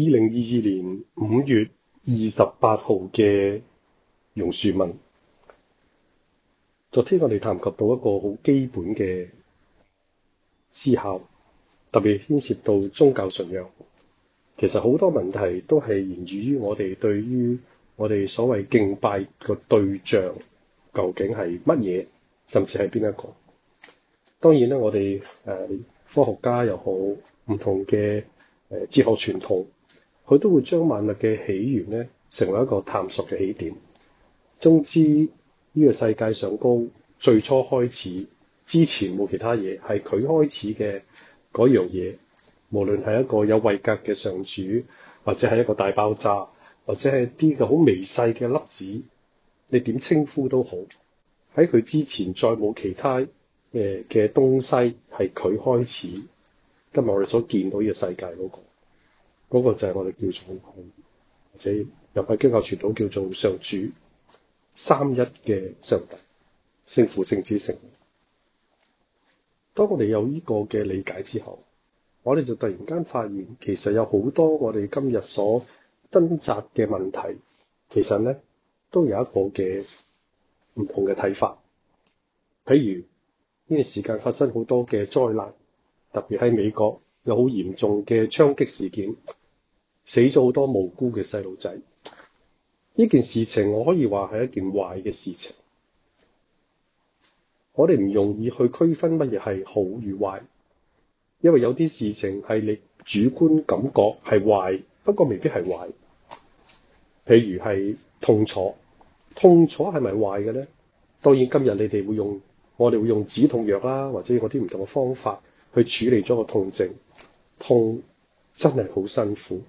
二零二二年五月二十八號嘅榕樹文，昨天我哋談及到一個好基本嘅思考，特別牽涉到宗教信仰。其實好多問題都係源於我哋對於我哋所謂敬拜個對象究竟係乜嘢，甚至係邊一個。當然啦，我哋誒、呃、科學家又好，唔同嘅誒哲學傳統。佢都會將萬物嘅起源咧，成為一個探索嘅起點。總之，呢、這個世界上高最初開始之前冇其他嘢，係佢開始嘅嗰樣嘢。無論係一個有位格嘅上主，或者係一個大爆炸，或者係啲嘅好微細嘅粒子，你點稱呼都好。喺佢之前再冇其他誒嘅東西係佢開始。今日我哋所見到呢個世界嗰、那個。嗰個就係我哋叫做，或者又係基督教傳統叫做上主三一嘅上帝，聖父、聖子、聖靈。當我哋有呢個嘅理解之後，我哋就突然間發現，其實有好多我哋今日所掙扎嘅問題，其實咧都有一個嘅唔同嘅睇法。譬如呢段、這個、時間發生好多嘅災難，特別喺美國有好嚴重嘅槍擊事件。死咗好多無辜嘅細路仔，呢件事情我可以話係一件壞嘅事情。我哋唔容易去區分乜嘢係好與壞，因為有啲事情係你主觀感覺係壞，不過未必係壞。譬如係痛楚，痛楚係咪壞嘅咧？當然今日你哋會用我哋會用止痛藥啦，或者嗰啲唔同嘅方法去處理咗個痛症。痛真係好辛苦。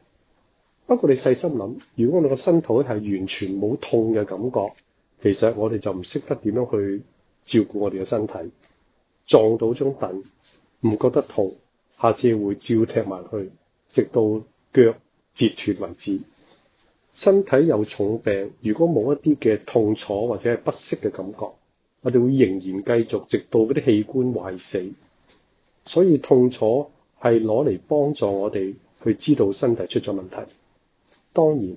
不過你細心諗，如果我哋個身體係完全冇痛嘅感覺，其實我哋就唔識得點樣去照顧我哋嘅身體。撞到張凳唔覺得痛，下次會照踢埋去，直到腳截脫為止。身體有重病，如果冇一啲嘅痛楚或者係不適嘅感覺，我哋會仍然繼續，直到嗰啲器官壞死。所以痛楚係攞嚟幫助我哋去知道身體出咗問題。當然，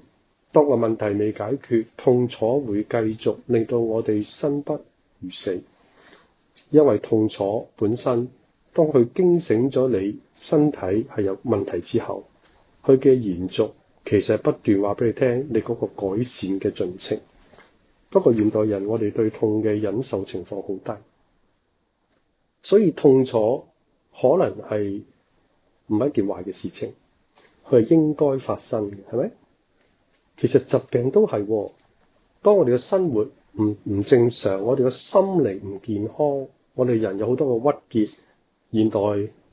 當個問題未解決，痛楚會繼續，令到我哋生不如死。因為痛楚本身，當佢驚醒咗你身體係有問題之後，佢嘅延續其實不斷話俾你聽，你嗰個改善嘅進程。不過現代人，我哋對痛嘅忍受情況好低，所以痛楚可能係唔係一件壞嘅事情，佢係應該發生嘅，係咪？其實疾病都係、哦，當我哋嘅生活唔唔正常，我哋嘅心理唔健康，我哋人有好多嘅鬱結。現代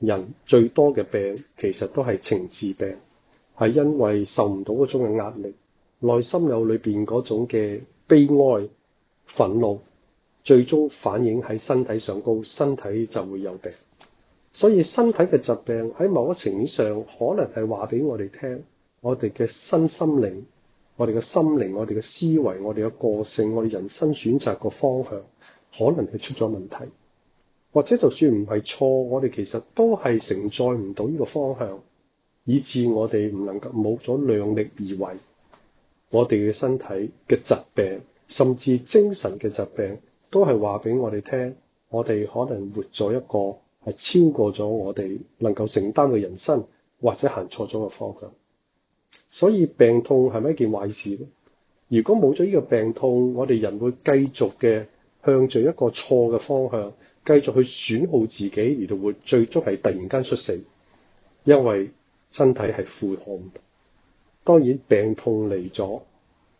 人最多嘅病其實都係情志病，係因為受唔到嗰種嘅壓力，內心有裏邊嗰種嘅悲哀、憤怒，最終反映喺身體上高，身體就會有病。所以身體嘅疾病喺某一個層面上，可能係話俾我哋聽，我哋嘅身心靈。我哋嘅心靈、我哋嘅思維、我哋嘅個性、我哋人生選擇個方向，可能係出咗問題，或者就算唔係錯，我哋其實都係承載唔到呢個方向，以致我哋唔能夠冇咗量力而為。我哋嘅身體嘅疾病，甚至精神嘅疾病，都係話俾我哋聽，我哋可能活咗一個係超過咗我哋能夠承擔嘅人生，或者行錯咗個方向。所以病痛係咪一件壞事？如果冇咗呢個病痛，我哋人會繼續嘅向着一個錯嘅方向，繼續去損耗自己，而到會最終係突然間出事，因為身體係負荷。當然病痛嚟咗，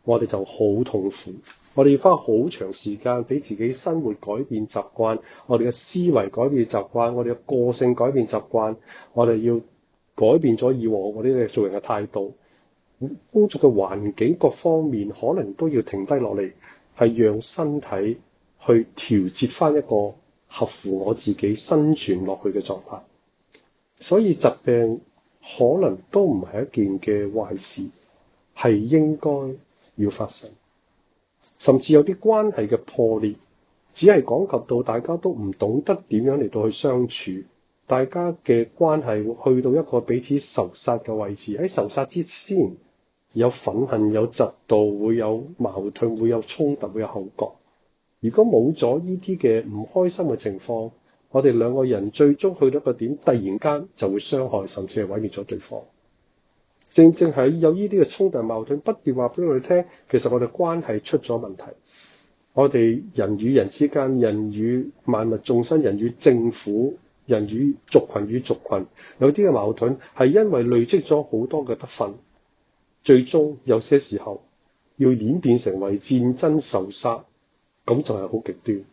我哋就好痛苦。我哋要花好長時間俾自己生活改變習慣，我哋嘅思維改變習慣，我哋嘅個性改變習慣，我哋要改變咗以往我哋嘅做人嘅態度。工作嘅環境各方面可能都要停低落嚟，係讓身體去調節翻一個合乎我自己生存落去嘅狀態。所以疾病可能都唔係一件嘅壞事，係應該要發生。甚至有啲關係嘅破裂，只係講及到大家都唔懂得點樣嚟到去相處，大家嘅關係會去到一個彼此仇殺嘅位置，喺仇殺之先。有憤恨，有嫉妒，會有矛盾，會有衝突，會有口角。如果冇咗呢啲嘅唔開心嘅情況，我哋兩個人最終去到一個點，突然間就會傷害，甚至係毀滅咗對方。正正係有呢啲嘅衝突、矛盾，不斷話俾我哋聽，其實我哋關係出咗問題。我哋人與人之間，人與萬物眾生，人與政府，人與族群與族群，有啲嘅矛盾係因為累積咗好多嘅不忿。最終有些時候要演變成為戰爭仇殺，咁就係好極端。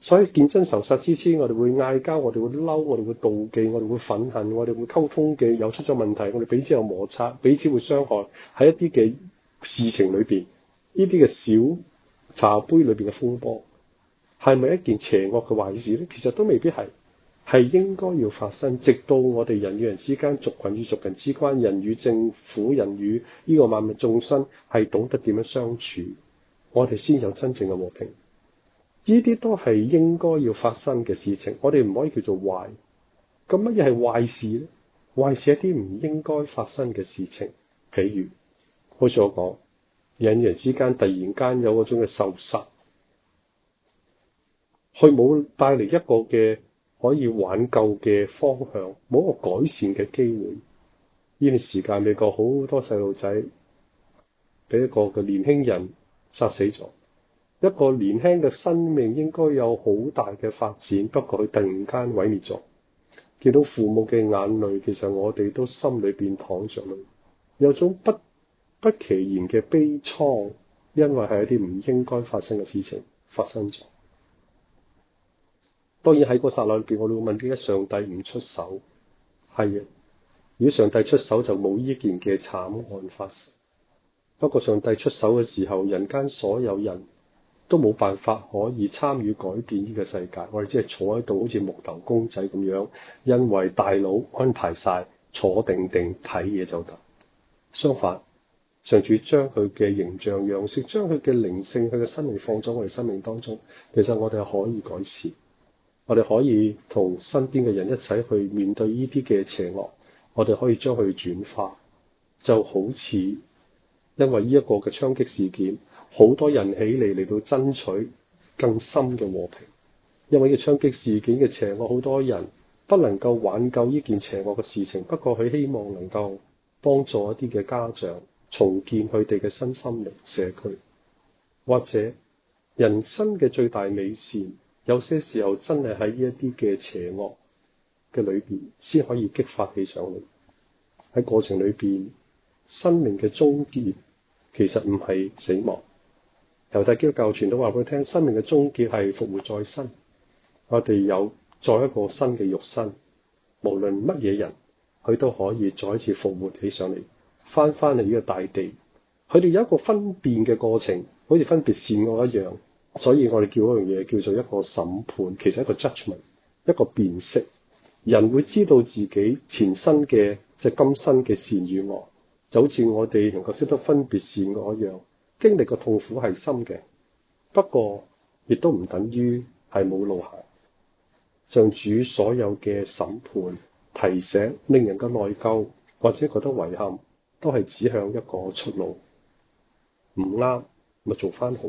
所以戰爭仇殺之前，我哋會嗌交，我哋會嬲，我哋會妒忌，我哋會憤恨，我哋會，會溝通嘅又出咗問題，我哋彼此有摩擦，彼此會傷害。喺一啲嘅事情裏邊，呢啲嘅小茶杯裏邊嘅風波，係咪一件邪惡嘅壞事咧？其實都未必係。係應該要發生，直到我哋人與人之間、族群與族群之間、人與政府、人與呢個萬物眾生，係懂得點樣相處，我哋先有真正嘅和平。呢啲都係應該要發生嘅事情，我哋唔可以叫做壞。咁乜嘢係壞事咧？壞事係一啲唔應該發生嘅事情，譬如好似我講，人與人之間突然間有嗰種嘅受殺，佢冇帶嚟一個嘅可以挽救嘅方向，冇一個改善嘅機會。呢段時間，美國好多細路仔俾一個嘅年輕人殺死咗，一個年輕嘅生命應該有好大嘅發展，不過佢突然間毀滅咗。見到父母嘅眼淚，其實我哋都心裏邊淌着淚，有種不不其然嘅悲愴，因為係一啲唔應該發生嘅事情發生咗。當然喺個殺戮裏邊，我哋會問：點解上帝唔出手？係啊，如果上帝出手就冇呢件嘅慘案發生。不過上帝出手嘅時候，人間所有人都冇辦法可以參與改變呢個世界。我哋只係坐喺度，好似木頭公仔咁樣，因為大佬安排晒，坐定定睇嘢就得。相反，上主將佢嘅形象、樣式、將佢嘅靈性、佢嘅生命放咗我哋生命當中，其實我哋係可以改善。我哋可以同身邊嘅人一齊去面對呢啲嘅邪惡，我哋可以將佢轉化，就好似因為呢一個嘅槍擊事件，好多人起嚟嚟到爭取更深嘅和平。因為呢個槍擊事件嘅邪惡，好多人不能夠挽救呢件邪惡嘅事情，不過佢希望能夠幫助一啲嘅家長重建佢哋嘅身心靈社區，或者人生嘅最大美善。有些時候真係喺呢一啲嘅邪惡嘅裏邊，先可以激發起上嚟。喺過程裏邊，生命嘅終結其實唔係死亡。猶太基督教傳統都話俾佢聽，生命嘅終結係復活再生。我哋有再一個新嘅肉身，無論乜嘢人，佢都可以再一次復活起上嚟，翻翻嚟呢個大地。佢哋有一個分辨嘅過程，好似分別善惡一樣。所以我哋叫嗰樣嘢叫做一個審判，其實一個 judgment，一個辨識，人會知道自己前身嘅即係今生嘅善與惡，就好似我哋能夠識得分別善惡一樣。經歷嘅痛苦係深嘅，不過亦都唔等於係冇路行。上主所有嘅審判、提醒、令人嘅內疚或者覺得遺憾，都係指向一個出路。唔啱咪做翻好。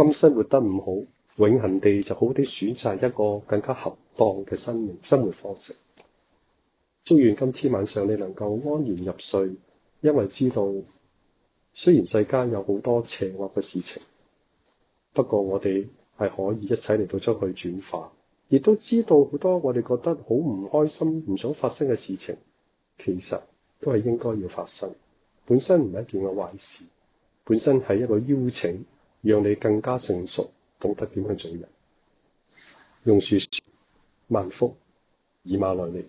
今生活得唔好，永恒地就好啲選擇一個更加恰當嘅生命生活方式。祝願今天晚上你能夠安然入睡，因為知道雖然世間有好多邪惡嘅事情，不過我哋係可以一齊嚟到將佢轉化，亦都知道好多我哋覺得好唔開心、唔想發生嘅事情，其實都係應該要發生，本身唔係一件嘅壞事，本身係一個邀請。讓你更加成熟，懂得點樣做人。榕樹萬福，以馬內利。